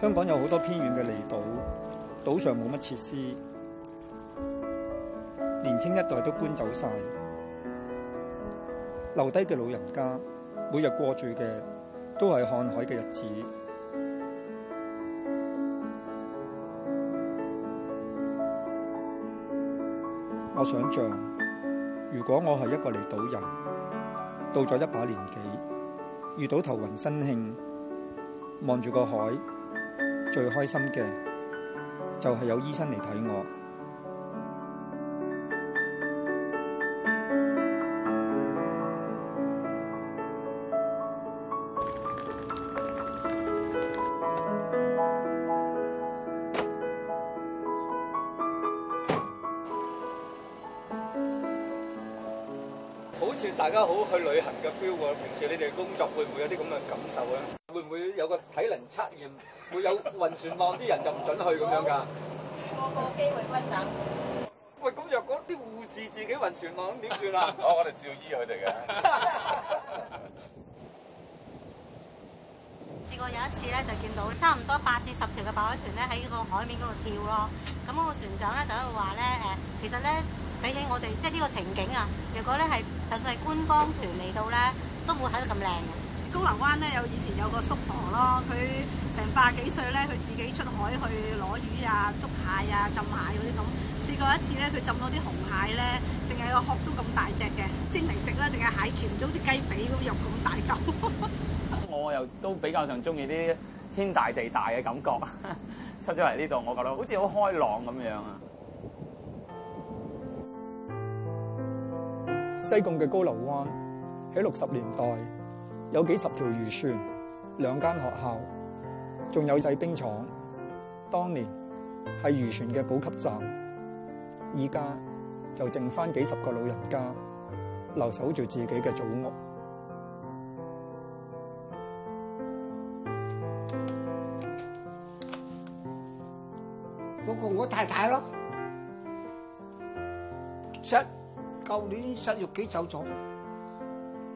香港有好多偏遠嘅離島，島上冇乜設施，年青一代都搬走晒，留低嘅老人家每日過住嘅都係看海嘅日子。 我想像，如果我係一個離島人，到咗一把年紀，遇到頭暈身㷫，望住個海。最開心嘅就係、是、有醫生嚟睇我，好似大家好去旅行嘅 feel 喎，平時你哋嘅工作會唔會有啲咁嘅感受啊？會唔會有個體能測驗？ 會有暈船浪啲 人就唔准去咁樣噶。個個機會均等。喂，咁若果啲護士自己暈船浪，咁點算啊？哦，我哋照醫佢哋嘅。試 過有一次咧，就見到差唔多八至十條嘅白海豚咧喺個海面嗰度跳咯。咁個船長咧就喺度話咧，誒，其實咧比起我哋即係呢個情景啊，如果咧係就算係觀光團嚟到咧，都冇睇到咁靚嘅。高流灣咧有以前有個叔婆咯，佢成八啊幾歲咧，佢自己出海去攞魚啊、捉蟹啊、浸蟹嗰啲咁。試過一次咧，佢浸到啲紅蟹咧，淨係個殼都咁大隻嘅，蒸嚟食啦，淨係蟹鉗都好似雞髀嗰個肉咁大嚿。 我又都比較上中意啲天大地大嘅感覺， 出咗嚟呢度，我覺得好似好開朗咁樣啊。西貢嘅高流灣喺六十年代，有幾十條漁船，兩間學校，仲有製冰廠。當年係漁船嘅補給站，依家就剩翻幾十個老人家留守住自己嘅祖屋。不過我太太咯，失舊年七月幾走咗，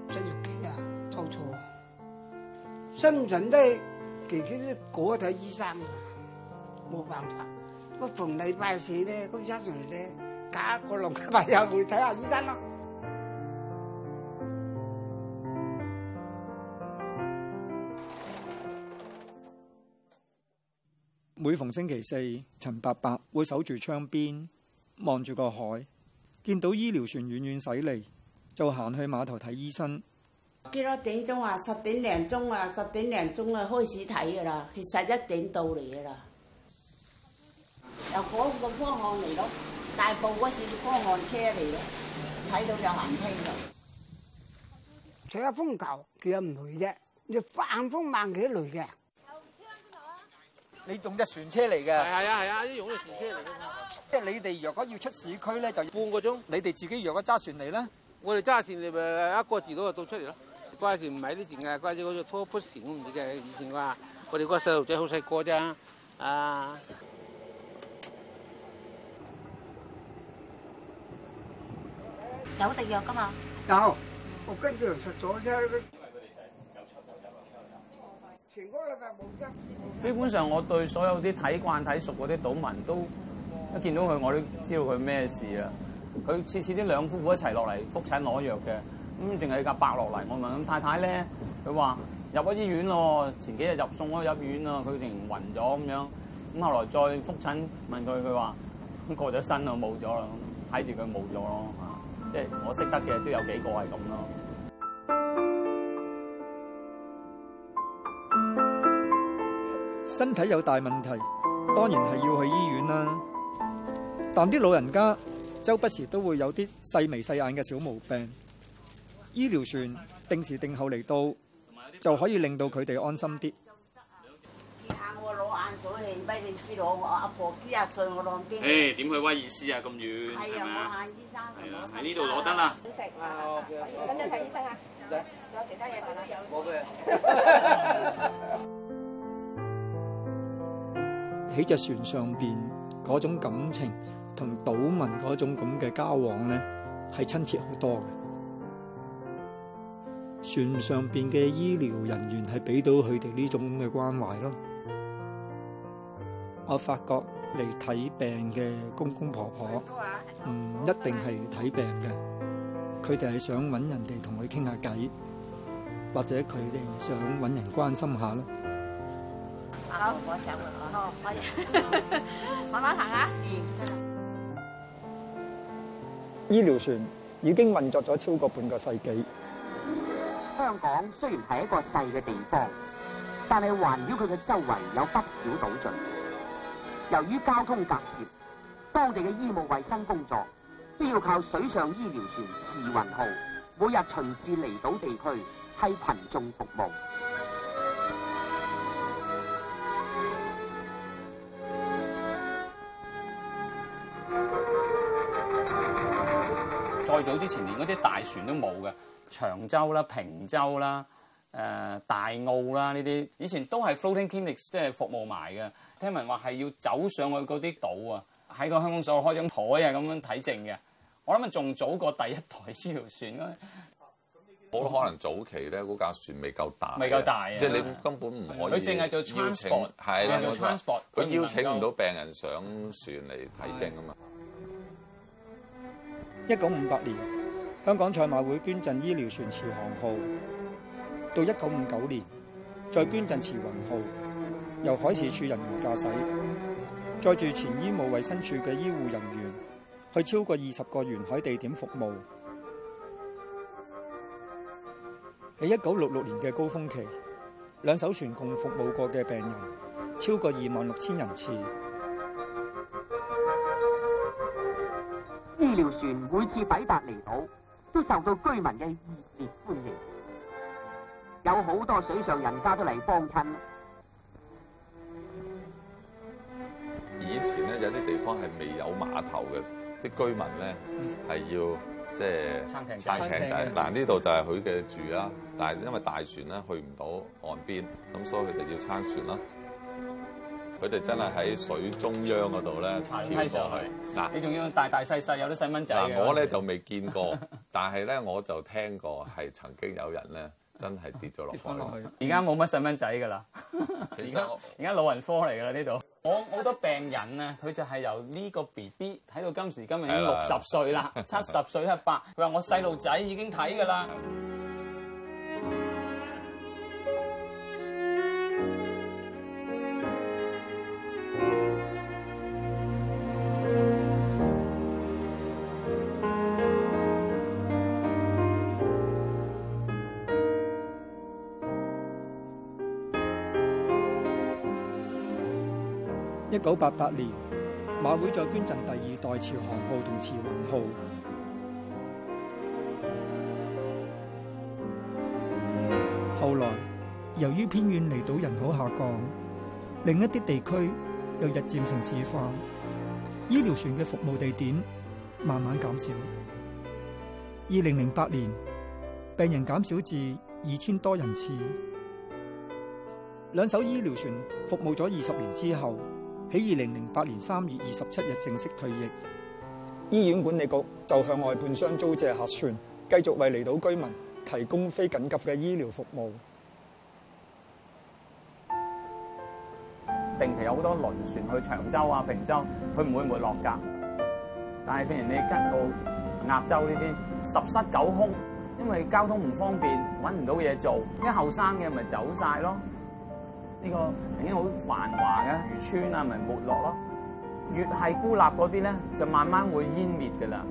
七月幾啊！真人的，自己都過睇醫生啦，冇辦法。逢禮拜四咧，嗰一嚟咧，加個龍，咪又去睇下醫生咯。每逢星期四，陳伯伯會守住窗邊望住個海，見到醫療船遠遠駛嚟，就行去碼頭睇醫生。幾多點鐘啊？十點零鐘啊！十點零鐘啊，開始睇噶啦。其實一點到嚟噶啦。由嗰個方向嚟講，大埔嗰時方向車嚟嘅，睇到就行車噶。除咗風球，佢有唔雷啫，你反風萬幾雷嘅。你用隻船車嚟嘅？係啊係啊，啲、啊啊、用隻船車嚟嘅。即係你哋若果要出市區咧，就要半個鐘。你哋自己若果揸船嚟啦，我哋揸船咪一個字到就到出嚟咯。關事唔係啲錢㗎，關事嗰隻拖不錢，我唔知嘅。以前話我哋嗰啲細路仔好細個啫。啊！有食藥㗎嘛？有，我跟住食咗啫。因為佢哋基本上，我對所有啲睇慣睇熟嗰啲島民都一見到佢，我都知道佢咩事啊。佢次次啲兩夫婦一齊落嚟覆診攞藥嘅。咁淨係阿伯落嚟，我問：咁太太咧？佢話入咗醫院咯，前幾日入送咗入院啦。佢成暈咗咁樣。咁後來再覆診問佢，佢話過咗身咯，冇咗啦。睇住佢冇咗咯，即係我識得嘅都有幾個係咁咯。身體有大問題當然係要去醫院啦，但啲老人家周不時都會有啲細眉細眼嘅小毛病。醫療船定時定候嚟到，就可以令到佢哋安心啲。做得啊，見下我攞眼所氣威爾斯攞我阿婆幾廿歲我攔住。誒，點去威爾斯啊？咁遠係啊？醫生係啊，喺呢度攞得啦。食啦，想唔想睇醫生啊？仲有其他嘢食啊？冇嘅。喺隻船上邊嗰種感情，同島民嗰種咁嘅交往咧，係親切好多嘅。船上邊嘅醫療人員係俾到佢哋呢種嘅關懷咯。我發覺嚟睇病嘅公公婆婆唔一定係睇病嘅，佢哋係想搵人哋同佢傾下偈，或者佢哋想搵人關心下咯。好，我上嚟啦，好，歡迎，慢慢行啊。醫療船已經運作咗超過半個世紀。香港雖然係一個細嘅地方，但係環繞佢嘅周圍有不少島嶼。由於交通隔涉，當地嘅醫務衞生工作都要靠水上醫療船慈雲號每日巡視離島地區，替羣眾服務。再早之前，連嗰啲大船都冇嘅。長洲啦、平洲啦、誒、呃、大澳啦呢啲，以前都係 floating clinic 即係服務埋嘅。聽聞話係要走上去嗰啲島啊，喺個香港所開張枱啊，咁樣睇症嘅。我諗啊，仲早過第一台醫療船。冇、嗯、可能早期咧，嗰架船未夠大。未夠大，即係你根本唔可以、嗯。佢淨係做 transport，係啦，佢邀請唔說到病人上船嚟睇症啊嘛。一九五八年。香港賽馬會捐贈醫療船慈航號，到一九五九年再捐贈慈雲號，由海事處人員駕駛，載住前醫務衞生處嘅醫護人員，去超過二十個沿海地點服務。喺一九六六年嘅高峰期，兩艘船共服務過嘅病人超過二萬六千人次。醫療船每次抵達離島，都受到居民嘅熱烈歡迎，有好多水上人家都嚟幫襯。以前咧有啲地方係未有碼頭嘅，啲居民咧係要即係撐艇仔。嗱，呢度就係佢嘅住啦。但係因為大船咧去唔到岸邊，咁所以佢哋要撐船啦。佢哋真係喺水中央嗰度咧跳上去。嗱，你仲要大大細細有啲細蚊仔。嗱，我咧就未見過。但係咧，我就聽過係曾經有人咧， 真係跌咗落去。而家冇乜細蚊仔㗎啦，而 家在老人科嚟㗎啦呢度。我好多病人啊，佢就係由呢個 B B 睇到今時今日已經六十歲啦，七十 歲一百。佢話我細路仔已經睇㗎啦。 九八八年，馬會再捐贈第二代慈航號同慈雲號。後來，由於偏遠離島人口下降，另一啲地區又日漸城市化，醫療船嘅服務地點慢慢減少。二零零八年，病人減少至二千多人次。兩艘醫療船服務咗二十年之後，喺二零零八年三月二十七日正式退役，醫院管理局就向外判商租借客船，繼續為離島居民提供非緊急嘅醫療服務。定期有好多輪船去長洲啊、平洲，佢唔會沒落噶。但係譬如你吉澳、鴨洲呢啲十室九空，因為交通唔方便，揾唔到嘢做，啲後生嘅咪走晒咯。呢個曾經好繁華嘅漁村啊，咪、就是、沒落咯、啊。越係孤立嗰啲咧，就慢慢會湮滅嘅啦。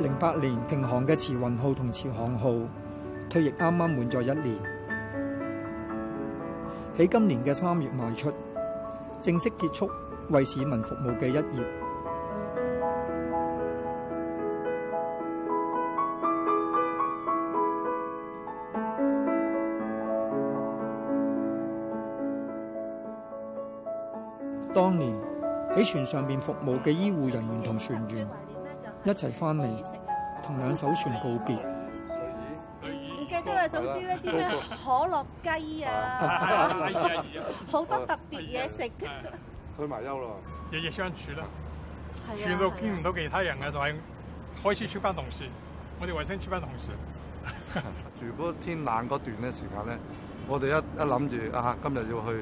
零八年停航嘅慈雲號同慈航號。退役啱啱滿咗一年，喺今年嘅三月賣出，正式結束為市民服務嘅一頁。 當年喺船上邊服務嘅醫護人員同船員一齊翻嚟，同兩艘船告別。唔知呢啲咩可樂雞啊，好多特別嘢食。 去埋休啦，日日相處啦，全部、 啊、見唔到其他人嘅，就係 開始出班同事，我哋衛生出班同事。 住嗰天冷嗰段嘅時間咧，我哋一一諗住啊，今日要去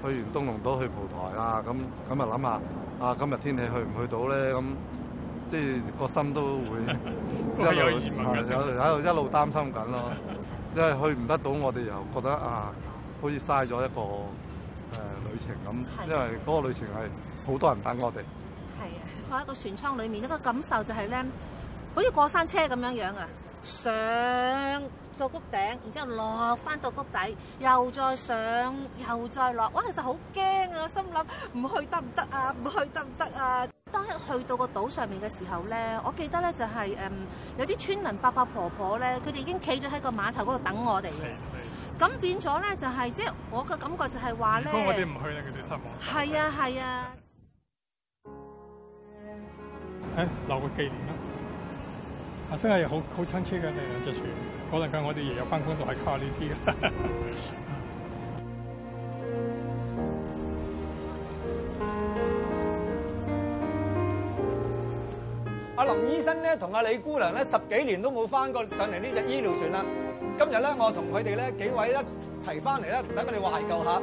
去完東龍島去蒲台啊，咁咁啊諗下啊，今日天，天氣去唔去到咧？咁即係個心都會一路係 有喺度 一,一路擔心緊咯。 因為去唔得到，我哋又覺得啊，好似嘥咗一個誒、呃、旅程咁，因為嗰個旅程係好多人等我哋。係啊，放喺個船艙裏面，一個感受就係咧，好似過山車咁樣樣啊，上。上谷頂，然之後落翻到谷底，又再上，又再落。哇！其實好驚啊，心諗唔去得唔得啊？唔去得唔得啊？當一去到個島上面嘅時候咧，我記得咧就係、是、誒、嗯、有啲村民伯伯婆婆咧，佢哋已經企咗喺個碼頭嗰度等我哋。咁、嗯、變咗咧就係、是，即、就、係、是、我嘅感覺就係話咧。我哋唔去咧，佢哋失望。係啊係啊。誒、啊 哎，留個紀念啦。真係好好親切嘅兩隻船，嗰陣間我哋日日翻工都係靠呢啲嘅。阿林醫生咧，同阿李姑娘咧，十幾年都冇翻過上嚟呢隻醫療船啦。今日咧，我同佢哋咧幾位一齊翻嚟咧，睇佢哋懷舊下。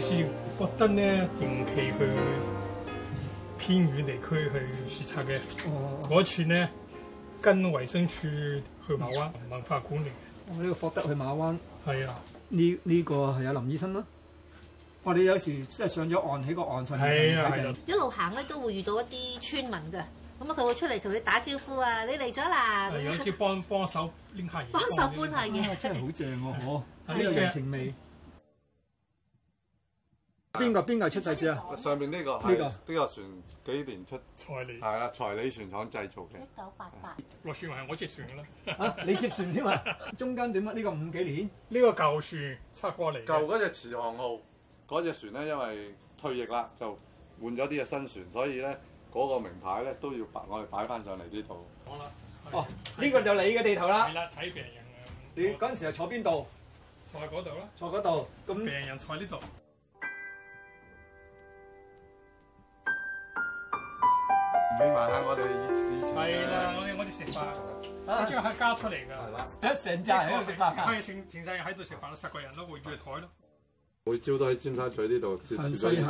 師我正係覺得咧，定期去。偏遠地區去視察嘅，嗰、哦、次咧跟衛生署去馬灣文化館嚟。我呢、喔呢個霍德去馬灣。係啊。呢呢個係啊林醫生咯。我哋、oh, 有時即係上咗岸喺個岸上、嗯、係係一路行咧，都會遇到一啲村民嘅。咁啊，佢會出嚟同你打招呼啊！你嚟咗啦。有啲幫幫手拎下嘢。幫手搬下嘢。真係好正喎，啊！哦，係呢個人情味。邊個邊個出世紙啊？上面呢個呢個都有船幾年出賽呢？係啦，財利船廠製造嘅一九八八，個船係我接船嘅啦，你接船添啊？中間點乜？呢、這個五幾年呢個舊船拆過嚟，舊嗰隻慈航號嗰隻船咧，因為退役啦，就換咗啲嘅新船，所以咧嗰個名牌咧都要擺我哋擺翻上嚟呢度。好啦，哦呢個就你嘅地頭啦。係啦，睇病人，哦這個、你嗰陣、哦、時又坐邊度？坐喺嗰度啦，坐嗰度咁。病人坐喺呢度。你埋喺我哋以前，係啦，我哋我哋食飯，我將喺加出嚟噶，了一成隻喺度食飯，佢全成曬喺度食飯，十個人都圍住台咯。每朝都喺尖沙咀呢度接接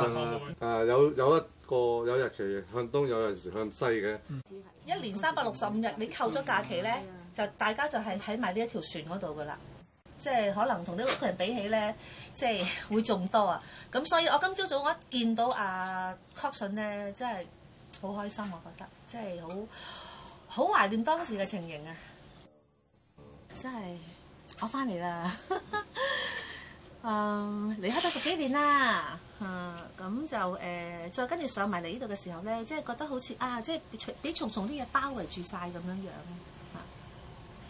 啊，有有一個有日期向東有日期，有陣時向西嘅。Dreams 一年三百六十五日，你扣咗假期咧，就大家就係喺埋呢一條船嗰度噶啦。即係可能同呢屋企人比起咧，即係會仲多啊。咁所以我今朝早我一見到阿 c c r 啊確信咧，即係。好開心，我覺得即係好好懷念當時嘅情形啊！真係我翻嚟啦，嗯，離開咗十幾年啦，嗯、呃，咁就誒再跟住上埋嚟呢度嘅時候咧，即係覺得好似啊，即係俾重重啲嘢包圍住晒咁樣樣啊，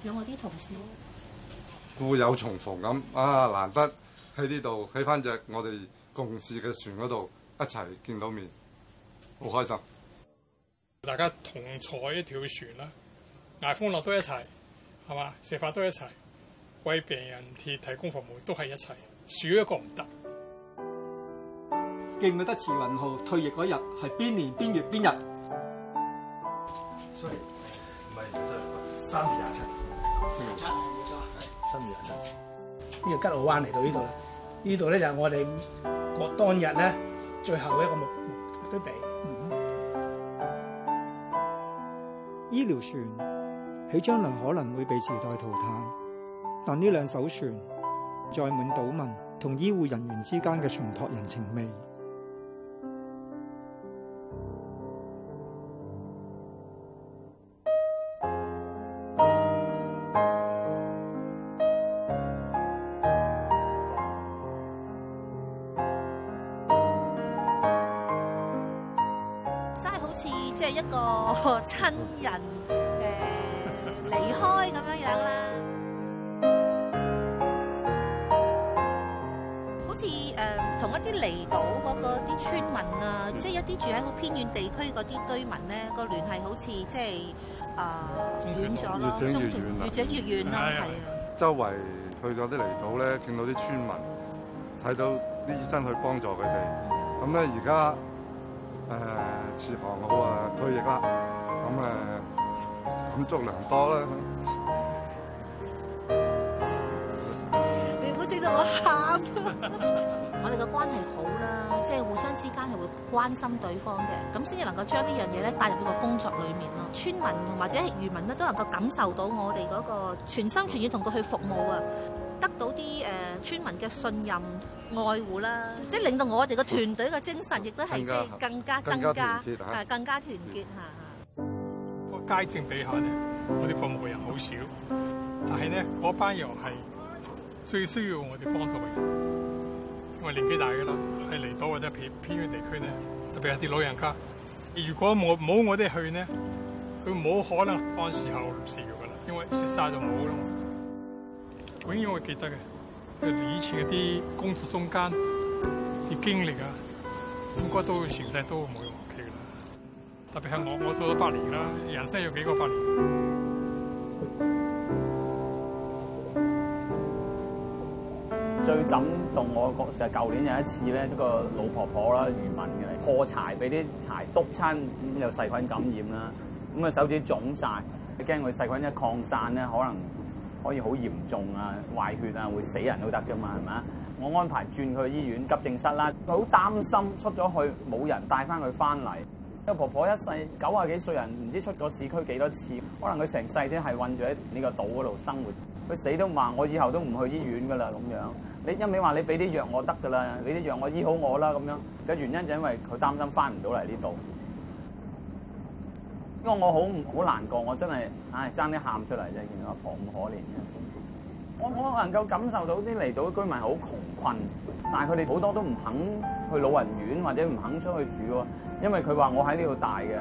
有我啲同事故友重逢咁啊，難得喺呢度喺翻隻我哋共事嘅船嗰度一齊見到面，好開心。大家同坐一條船啦，挨風落都一齊，係咪？食飯都一齊，為病人提提供服務都係一齊，少一個唔得。記唔記得慈雲號退役嗰日係邊年邊月邊日？所以唔係三月廿七，嗯、三月廿七，冇錯，三月廿七。呢個吉澳灣嚟到呢度啦，呢度咧就係我哋過當日咧最後一個目目的地。醫療船喺將來可能會被時代淘汰，但呢兩艘船載滿島民同醫護人員之間嘅淳樸人情味。啲居民咧、這個聯繫好似即係啊斷咗咯，呃、越整越遠，越整越遠啦，係、嗯、啊！周圍去咗啲離島咧，見到啲村民，睇到啲醫生去幫助佢哋，咁咧而家誒慈航號啊退役啦，咁誒感觸良多啦！你唔好知道我喊。 我哋嘅關係好啦，即係互相之間係會關心對方嘅，咁先至能夠將呢樣嘢咧帶入佢個工作裡面咯。村民同或者係漁民咧都能夠感受到我哋嗰個全心全意同佢去服務啊，得到啲誒村民嘅信任愛護啦，即係令到我哋個團隊嘅精神亦都係即係更加增加，誒更,加更加團結嚇。個街症底下咧，我哋服務嘅人好少，但係咧嗰班又係最需要我哋幫助嘅人。因為年紀大噶啦，係離島或者偏偏遠地區咧，特別係啲老人家，如果冇冇我哋去咧，佢冇可能按時候食藥噶啦，因為食晒就冇咯。永遠會記得嘅，以前嗰啲工作中間啲經歷啊，應該都成世都冇用。忘記噶啦。特別係我我做咗八年啦，人生有幾個八年？最感動我個就係舊年有一次咧，一個老婆婆啦，漁民嘅破柴俾啲柴篤親，有細菌感染啦，咁啊手指腫晒，你驚佢細菌一擴散咧，可能可以好嚴重啊，壞血啊，會死人都得㗎嘛，係咪？我安排轉去醫院急症室啦，佢好擔心出咗去冇人帶翻佢翻嚟，因為婆婆一世九啊幾歲人，唔知出咗市區幾多次，可能佢成世都係困住喺呢個島嗰度生活。佢死都話：我以後都唔去醫院噶啦咁樣。你一味話你俾啲藥我得噶啦，俾啲藥我醫好我啦咁樣。嘅原因就因為佢擔心翻唔到嚟呢度。因為我好唔好難過，我真係唉爭啲喊出嚟啫！見到阿婆咁可憐嘅。我我能夠感受到啲離島居民好窮困，但係佢哋好多都唔肯去老人院或者唔肯出去住喎，因為佢話我喺呢度大嘅，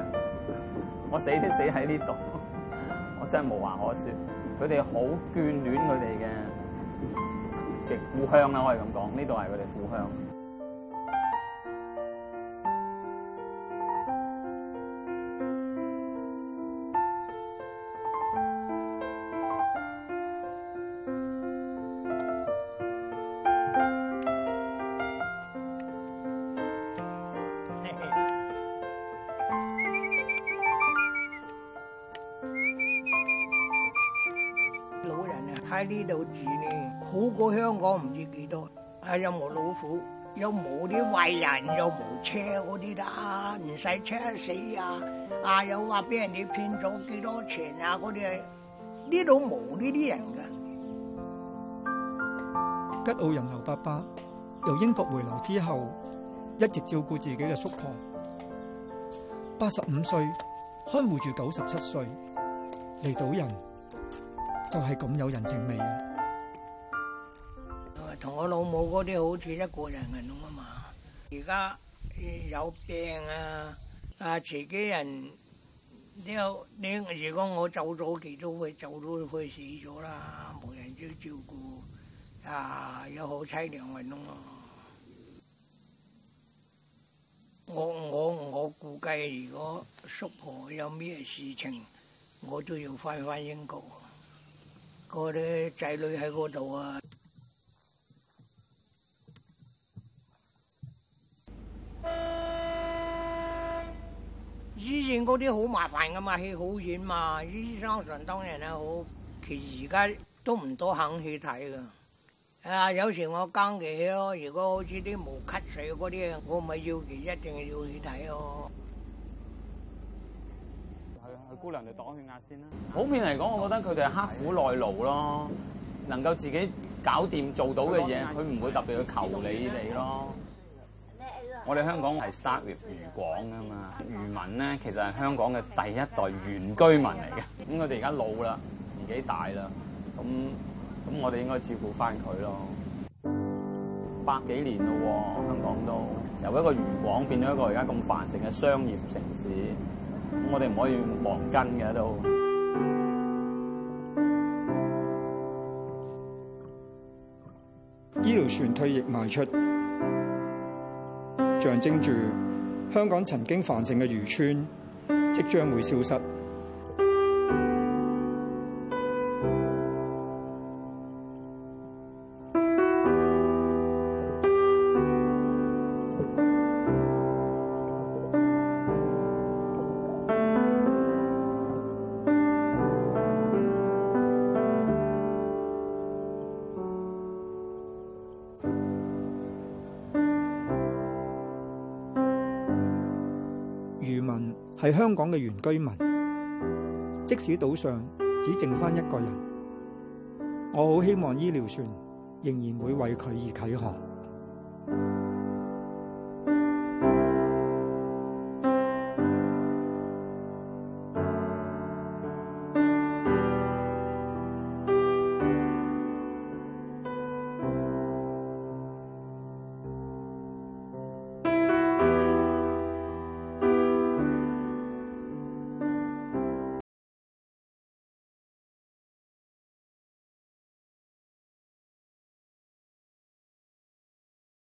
我死都死喺呢度， 我真係無話可説。佢哋好眷戀佢哋嘅嘅故鄉啊，可以咁講，呢度係佢哋故鄉。喺呢度住呢，好過香港唔知幾多。啊，又冇老虎，又冇啲壞人，又冇車嗰啲啦，唔使車死啊！啊，又話俾人哋騙咗幾多錢啊？嗰啲係呢度冇呢啲人噶。吉澳人劉伯伯由英國回流之後，一直照顧自己嘅叔婆，八十五歲看護住九十七歲離島人。就係咁有人情味啊！同我老母嗰啲好似一個人嚟弄啊嘛。而家有病啊，啊自己人，你有你，如果我走咗，佢都會走咗，去死咗啦，冇人要照顧啊，又好凄涼嚟弄啊！我我我估計，如果叔婆有咩事情，我都要翻返英國。嗰啲仔女喺嗰度啊！醫院嗰啲好麻煩噶嘛，去好遠嘛。醫生上當然啦，好，其實而家都唔多肯去睇噶。啊，有時我更忌氣咯。如果好似啲冇咳水嗰啲嘢，我咪要佢，一定要去睇咯。姑娘哋擋血壓先啦。普遍嚟講，我覺得佢哋係刻苦耐勞咯，能夠自己搞掂做到嘅嘢，佢唔會特別去求你哋咯。我哋香港係 start 漁港㗎嘛，漁民咧，其實係香港嘅第一代原居民嚟嘅。咁佢哋而家老啦，年紀大啦，咁咁我哋應該照顧翻佢咯。百幾年咯喎，香港都由一個漁港變咗一個而家咁繁盛嘅商業城市。我哋唔可以忘根嘅都。醫療船退役賣出，象徵住香港曾經繁盛嘅漁村，即將會消失。係香港嘅原居民，即使島上只剩翻一個人，我好希望醫療船仍然會為佢而啟航。